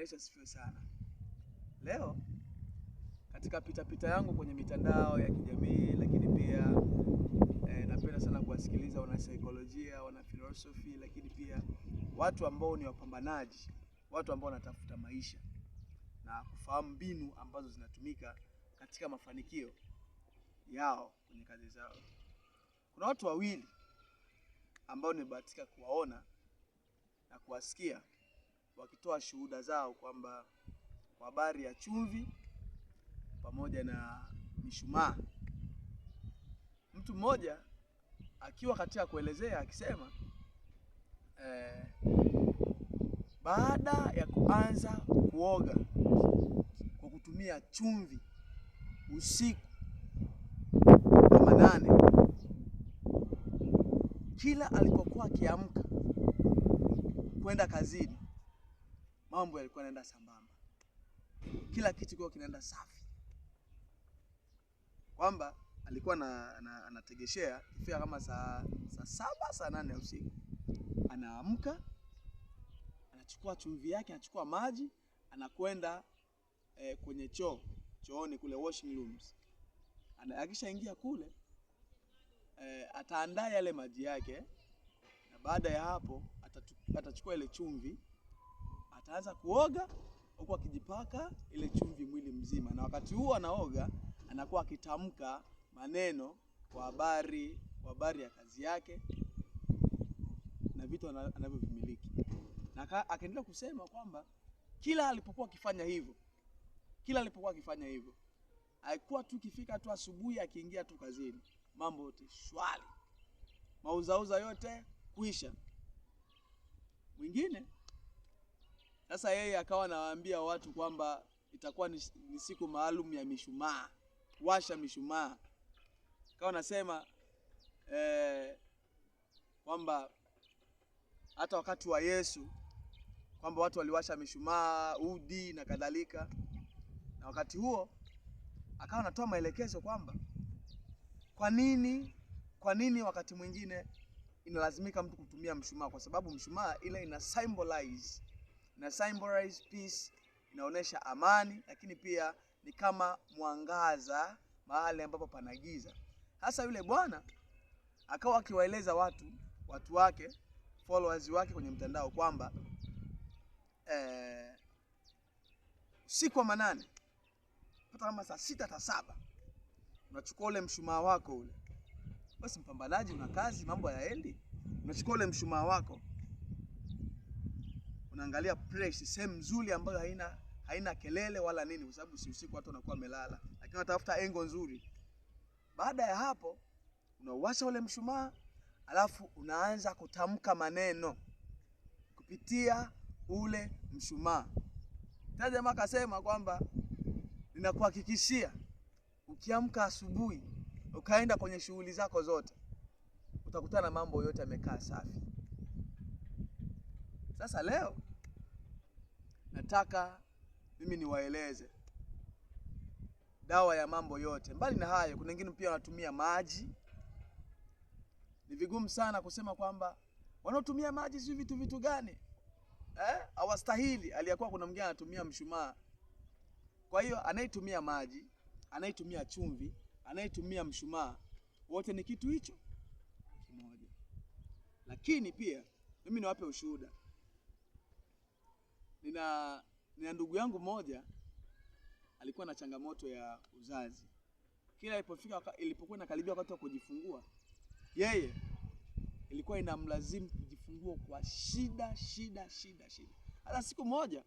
Bwana Yesu asifiwe sana. Leo katika pitapita yangu kwenye mitandao ya kijamii, lakini pia eh, napenda sana kuwasikiliza wana filosofi, lakini pia watu ambao ni wapambanaji, watu ambao wanatafuta maisha na kufahamu mbinu ambazo zinatumika katika mafanikio yao kwenye kazi zao. Kuna watu wawili ambao nimebahatika kuwaona na kuwasikia wakitoa shuhuda zao kwamba kwa habari ya chumvi pamoja na mishumaa. Mtu mmoja akiwa katika kuelezea akisema eh, baada ya kuanza kuoga kwa kutumia chumvi usiku wa manane, kila alipokuwa akiamka kwenda kazini mambo yalikuwa yanaenda sambamba, kila kitu kwa kinaenda safi, kwamba alikuwa anategeshea na, na, kifika kama saa sa saba saa nane ya usiku anaamka, anachukua chumvi yake, anachukua maji, anakwenda eh, kwenye choo chooni kule washing rooms. Akishaingia kule eh, ataandaa yale maji yake, na baada ya hapo atachukua ile chumvi ataanza kuoga huku akijipaka ile chumvi mwili mzima, na wakati huo anaoga anakuwa akitamka maneno kwa habari kwa habari ya kazi yake na vitu anavyovimiliki, na akaendelea kusema kwamba kila alipokuwa akifanya hivyo, kila alipokuwa akifanya hivyo, alikuwa tu kifika tu asubuhi, akiingia tu kazini, mambo yote shwari, mauzauza yote kuisha. Mwingine sasa yeye akawa anawaambia watu kwamba itakuwa ni siku maalum ya mishumaa, washa mishumaa. Akawa anasema eh, kwamba hata wakati wa Yesu kwamba watu waliwasha mishumaa, udi na kadhalika, na wakati huo akawa anatoa maelekezo kwamba kwa nini kwa nini wakati mwingine inalazimika mtu kutumia mshumaa, kwa sababu mshumaa ile ina symbolize na symbolize peace, inaonyesha amani, lakini pia ni kama mwangaza mahali ambapo pana giza. Hasa yule bwana akawa akiwaeleza watu watu wake followers wake kwenye mtandao kwamba eh, usiku wa manane hata kama saa sita ta saba unachukua ule mshumaa wako ule. Basi mpambanaji, una kazi, mambo hayaendi, unachukua ule mshumaa wako unaangalia place, sehemu nzuri ambayo haina haina kelele wala nini, kwa sababu si usiku, watu wanakuwa wamelala, lakini unatafuta engo nzuri. Baada ya hapo, unauwasha ule mshumaa, alafu unaanza kutamka maneno kupitia ule mshumaa. Tena akasema kwamba ninakuhakikishia, ukiamka asubuhi ukaenda kwenye shughuli zako zote, utakutana mambo yote yamekaa safi. Sasa leo nataka mimi niwaeleze dawa ya mambo yote. Mbali na hayo, kuna wengine pia wanatumia maji. Ni vigumu sana kusema kwamba wanaotumia maji sio vitu vitu gani eh, hawastahili eh? Aliyakuwa kuna mwingine anatumia mshumaa. Kwa hiyo anayetumia maji, anayetumia chumvi, anayetumia mshumaa, wote ni kitu hicho kimoja. Lakini pia mimi niwape ushuhuda nina nina ndugu yangu mmoja alikuwa na changamoto ya uzazi. Kila ilipofika ilipokuwa inakaribia wakati wa kujifungua, yeye ilikuwa inamlazimu kujifungua kwa shida shida shida shida. Hata siku moja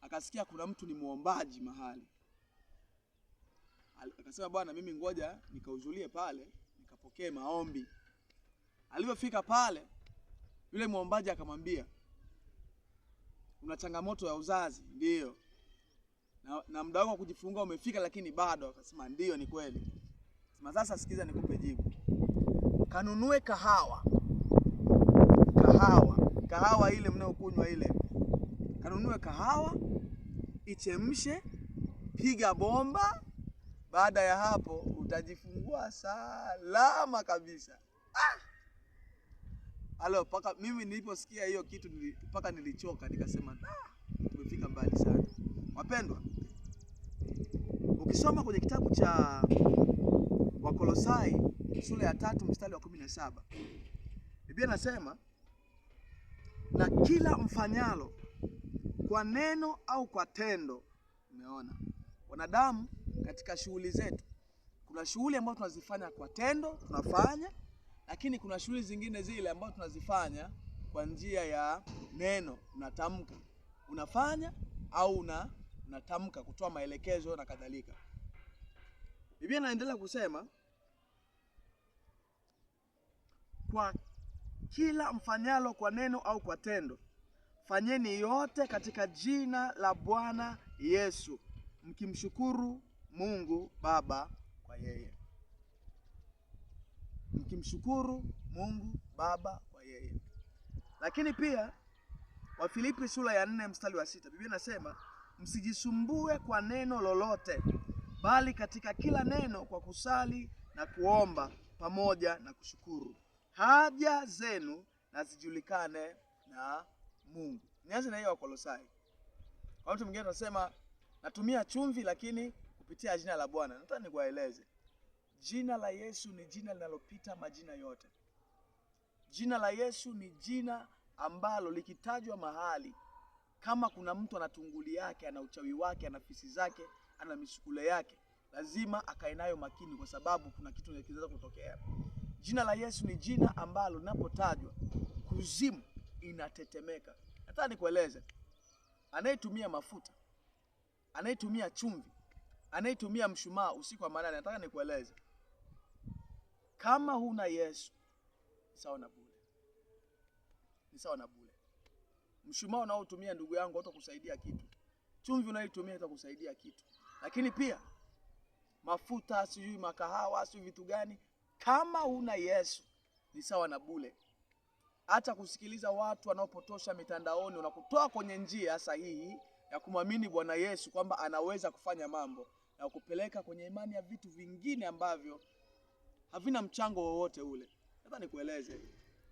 akasikia kuna mtu ni muombaji mahali, akasema bwana, mimi ngoja nikauzulie pale nikapokee maombi. Alivyofika pale, yule muombaji akamwambia kuna changamoto ya uzazi ndio, na, na muda wangu wa kujifungua umefika, lakini bado. Akasema ndio, ni kweli. Sema sasa, sikiza nikupe jibu. Kanunue kahawa, kahawa, kahawa ile mnayokunywa ile, kanunue kahawa, ichemshe, piga bomba. Baada ya hapo utajifungua salama kabisa. Halo, paka mimi niliposikia hiyo kitu mpaka nilichoka, nikasema tumefika mbali sana. Wapendwa, ukisoma kwenye kitabu cha Wakolosai sura ya tatu mstari wa kumi na saba Biblia nasema na kila mfanyalo kwa neno au kwa tendo. Umeona wanadamu, katika shughuli zetu kuna shughuli ambazo tunazifanya kwa tendo, tunafanya lakini kuna shughuli zingine zile ambazo tunazifanya kwa njia ya neno, unatamka, unafanya au una unatamka, kutoa maelekezo na kadhalika. Biblia inaendelea kusema kwa kila mfanyalo kwa neno au kwa tendo, fanyeni yote katika jina la Bwana Yesu, mkimshukuru Mungu Baba kwa yeye mkimshukuru Mungu Baba kwa yeye. Lakini pia Wafilipi sura ya nne mstari wa sita Biblia inasema msijisumbue kwa neno lolote, bali katika kila neno kwa kusali na kuomba pamoja na kushukuru haja zenu na zijulikane na Mungu. Nianze na hiyo Wakolosai. Kwa mtu mwingine tunasema natumia chumvi, lakini kupitia jina la Bwana. Nataka nikuwaeleze Jina la Yesu ni jina linalopita majina yote. Jina la Yesu ni jina ambalo likitajwa mahali, kama kuna mtu ana tunguli yake, ana uchawi wake, ana fisi zake, ana misukule yake, lazima akae nayo makini, kwa sababu kuna kitu kinaweza kutokea. Jina la Yesu ni jina ambalo linapotajwa kuzimu inatetemeka. Nataka nikueleze, anayetumia mafuta, anayetumia chumvi, anayetumia mshumaa usiku wa manane, nataka nikueleze kama huna Yesu ni sawa na bure, ni sawa na bure. Mshumaa unaotumia ndugu yangu hautakusaidia kitu, chumvi unayotumia kusaidia kitu, lakini pia mafuta, sijui makahawa, sijui vitu gani, kama huna Yesu ni sawa na bure. hata kusikiliza watu wanaopotosha mitandaoni, unakutoa kwenye njia sahihi ya kumwamini Bwana Yesu kwamba anaweza kufanya mambo na kupeleka kwenye imani ya vitu vingine ambavyo havina mchango wowote ule. Sasa nikueleze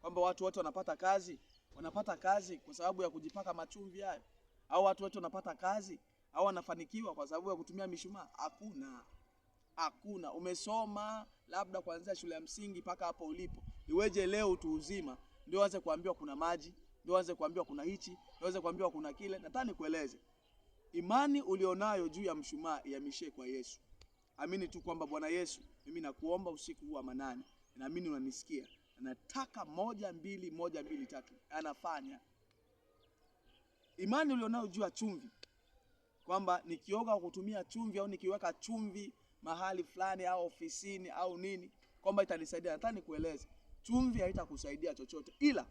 kwamba watu wote wanapata kazi, wanapata kazi kwa sababu ya kujipaka machumvi hayo, au watu wote wanapata kazi au wanafanikiwa kwa sababu ya kutumia mishumaa? Hakuna, hakuna. Umesoma labda kuanzia shule ya msingi mpaka hapo ulipo, iweje leo utu uzima ndio waze kuambiwa kuna maji, ndio waze kuambiwa kuna hichi, ndio waze kuambiwa kuna kile? Nataka nikueleze, imani ulionayo juu ya mshumaa ihamishie kwa Yesu amini tu kwamba Bwana Yesu, mimi nakuomba usiku huu wa manane, naamini unanisikia, nataka moja mbili moja mbili tatu. Anafanya imani ulionayo juu ya chumvi, kwamba nikioga kwa kutumia chumvi au nikiweka chumvi mahali fulani au ofisini au nini, kwamba itanisaidia. Nataka nikueleze, chumvi haitakusaidia chochote, ila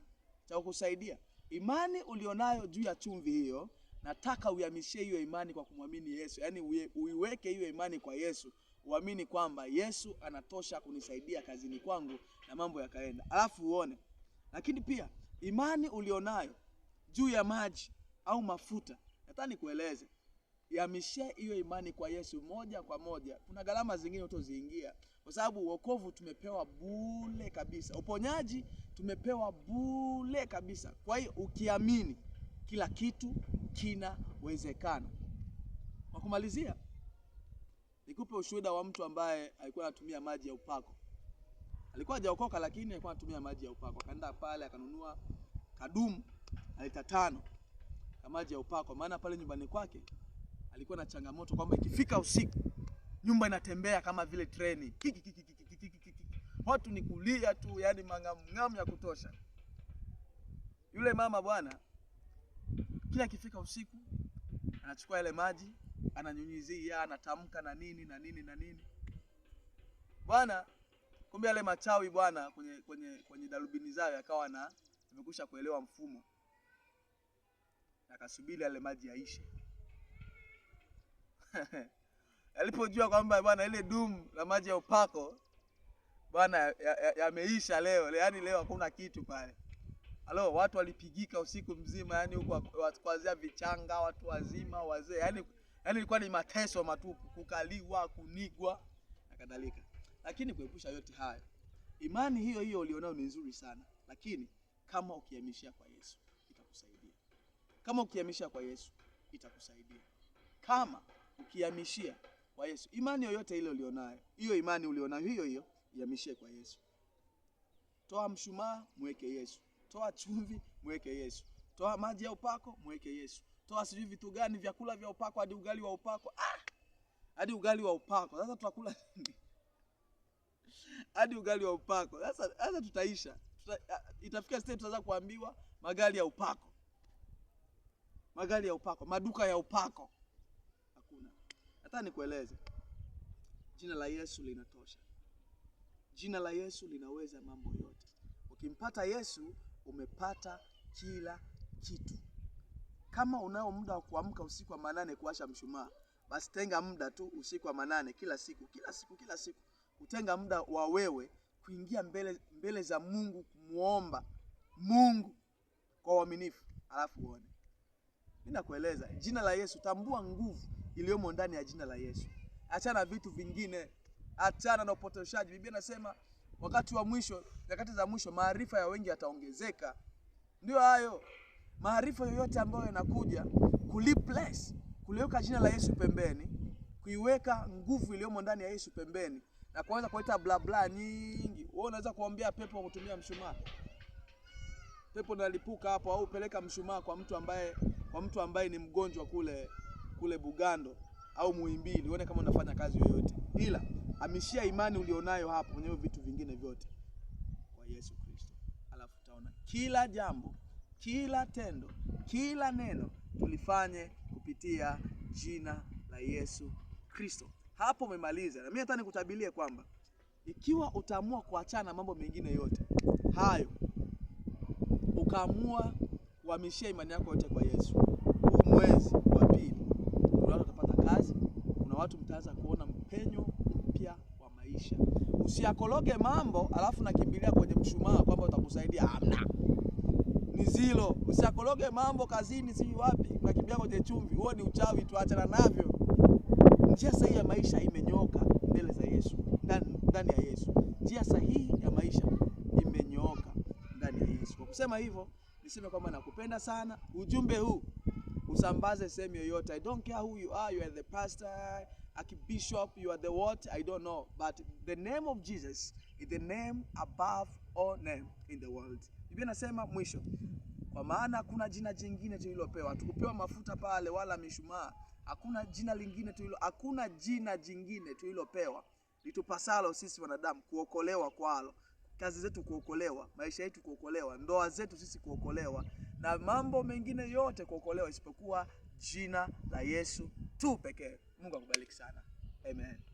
cha kukusaidia imani ulionayo juu ya chumvi hiyo nataka uihamishie hiyo imani kwa kumwamini Yesu, yaani uiweke hiyo imani kwa Yesu, uamini kwamba Yesu anatosha kunisaidia kazini kwangu na mambo yakaenda, alafu uone. Lakini pia imani ulionayo juu ya maji au mafuta, nataka nikueleze, ihamishie hiyo imani kwa Yesu moja kwa moja. Kuna gharama zingine utoziingia, kwa sababu wokovu tumepewa bule kabisa, uponyaji tumepewa bule kabisa. Kwa hiyo ukiamini kila kitu kinawezekana. Kwa kumalizia, nikupe ushuhuda wa mtu ambaye alikuwa anatumia maji ya upako. Alikuwa hajaokoka lakini alikuwa anatumia maji ya upako. Akaenda pale akanunua kadumu alita tano ya maji ya upako, maana pale nyumbani kwake alikuwa na changamoto kwamba ikifika usiku nyumba inatembea kama vile treni, watu ni kulia tu, yani mang'amng'amu ya kutosha. Yule mama bwana kila akifika usiku anachukua yale maji ananyunyizia, anatamka na nini na nini na nini bwana. Kumbe yale machawi bwana, kwenye kwenye kwenye darubini zao yakawa na amekusha kuelewa mfumo, akasubiri yale maji yaishe alipojua kwamba bwana ile dumu la maji ya upako bwana yameisha ya, ya leo, yaani leo hakuna kitu pale. Halo, watu walipigika usiku mzima, yani huko kuanzia vichanga, watu wazima, wazee, yani yani ilikuwa ni mateso matupu, kukaliwa, kunigwa na kadhalika. Lakini kuepusha yote hayo, imani hiyo hiyo ulionayo ni nzuri sana, lakini kama ukihamishia kwa Yesu itakusaidia. Kama ukihamishia kwa Yesu itakusaidia. Kama ukihamishia kwa Yesu, imani yoyote ile ulionayo, hiyo imani ulionayo hiyo hiyo ihamishie kwa Yesu. Toa mshumaa, mweke Yesu toa chumvi, mweke Yesu, toa maji ya upako, mweke Yesu, toa sijui vitu gani, vyakula vya upako, hadi ugali wa upako, ah! hadi ugali wa upako. Sasa tutakula hadi ugali wa upako. Sasa sasa tutaisha tuta, itafika stage tutaanza kuambiwa magari ya upako, magari ya upako, maduka ya upako. Hakuna hata nikueleze. Jina la Yesu linatosha. Jina la Yesu linaweza mambo yote. Ukimpata Yesu umepata kila kitu. Kama unao muda wa kuamka usiku wa manane kuwasha mshumaa, basi tenga muda tu usiku wa manane kila siku kila siku kila siku, utenga muda wa wewe kuingia mbele mbele za Mungu kumuomba Mungu kwa uaminifu, alafu uone. Mimi nakueleza jina la Yesu, tambua nguvu iliyomo ndani ya jina la Yesu. Achana vitu vingine, achana na upotoshaji. Biblia inasema wakati wa mwisho, nyakati za mwisho, maarifa ya wengi yataongezeka. Ndio hayo maarifa yoyote ambayo yanakuja kuliplace, kuliweka jina la Yesu pembeni, kuiweka nguvu iliyomo ndani ya Yesu pembeni na kuanza kuleta bla bla nyingi. Wewe unaweza kuombea pepo kwa kutumia mshumaa, pepo nalipuka hapo, au peleka mshumaa kwa mtu ambaye kwa mtu ambaye ni mgonjwa kule kule Bugando au Muhimbili, uone kama unafanya kazi yoyote ila Hamishia imani ulionayo hapo kwenye vitu vingine vyote kwa Yesu Kristo, alafu utaona kila jambo, kila tendo, kila neno tulifanye kupitia jina la Yesu Kristo. Hapo umemaliza. Na mimi hata nikutabilie kwamba ikiwa utaamua kuachana na mambo mengine yote hayo, ukaamua kuhamishia imani yako yote kwa Yesu, huu mwezi wa pili, kuna watu watapata kazi, kuna watu mtaanza kuona mpenyo mpya wa maisha. Usiakoroge mambo alafu nakimbilia kwenye mshumaa kwamba utakusaidia, amna Ni zilo. Usiakoroge mambo kazini, si wapi, nakimbilia kwenye chumvi. Huo ni uchawi, tuachana navyo. Njia sahihi ya maisha imenyoka mbele za Yesu, ndani ya Yesu. Njia sahihi ya maisha imenyooka ndani ya Yesu. Kwa kusema hivyo, niseme kwamba nakupenda sana. Ujumbe huu usambaze sehemu yoyote. I don't care who you are, you are the pastor, a bishop you are the what, I don't know, but the name of Jesus is the name above all name in the world. Biblia nasema mwisho, kwa maana hakuna jina jingine tulilopewa, tukupewa mafuta pale wala mishumaa, hakuna jina lingine tulilo, hakuna jina jingine tulilopewa litupasalo sisi wanadamu kuokolewa kwalo, kazi zetu kuokolewa, maisha yetu kuokolewa, ndoa zetu sisi kuokolewa na mambo mengine yote kuokolewa isipokuwa jina la Yesu tu pekee. Mungu akubariki sana. Amen.